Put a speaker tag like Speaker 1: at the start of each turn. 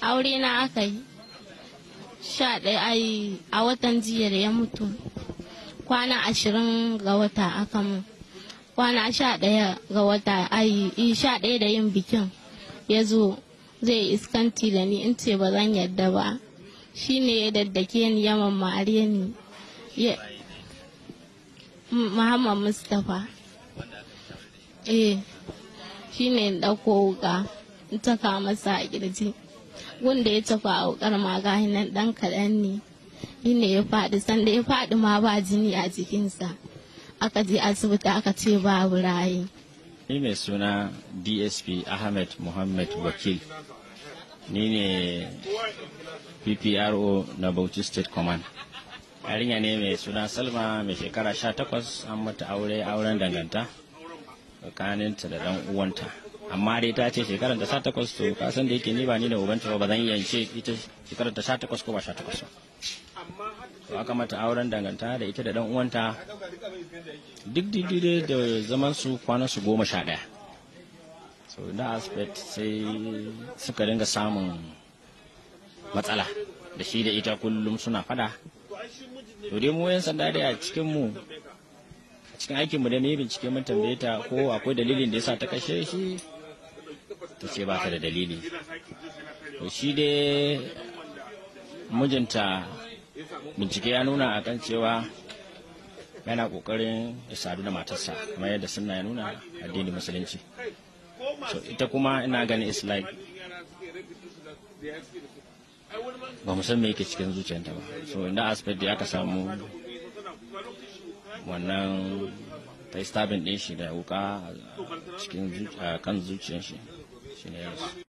Speaker 1: aure na aka yi sha ɗaya a watan jiya da ya mutu kwana ashirin ga wata aka mu kwana sha ɗaya ga wata ayi eh, sha ɗaya da yin bikin ya zo zai iskanti da ni in ce ba zan yadda ba shi ne ya daddake ni ya mamare ni muhammad mustapha eh shi ne ɗauko wuka in taka masa a ƙirji wanda ya tafi a wukar maga nan dan kaɗan ne ne ya faɗi sanda ya faɗi ma ba jini a jikinsa aka je asibiti aka ce babu rayi.
Speaker 2: ni mai suna dsp ahmed muhammad wakil ni ne ppro na bauchi state command yarinya ne mai suna salma mai shekara 18 an mata aure auren danganta tsakaninta da dan uwanta amma dai ta ce shekarar da sha takwas to san da yake ni ba ni da ubanta ba zan yance ita shekarar da sha takwas ko ba sha takwas ba aka mata auren danganta da ita da dan uwanta duk didire da zaman su kwana su goma sha daya so da aspect sai suka dinga samun matsala da shi da ita kullum suna fada to dai mu yan sanda da a cikin mu cikin aikin mu da ne bincike mun tambaye ta ko akwai dalilin da yasa ta kashe shi ta ce ba ta da dalili to shi dai mijinta bincike ya nuna akan cewa yana kokarin ya sadu da matarsa kamar yadda sunna ya nuna addinin musulunci so ita kuma ina ganin islam ba mu san yake cikin zuciyarta ba so ina aspect da aka samu wannan ta stabin ɗin shi da wuka a kan zuciyar shi shi ne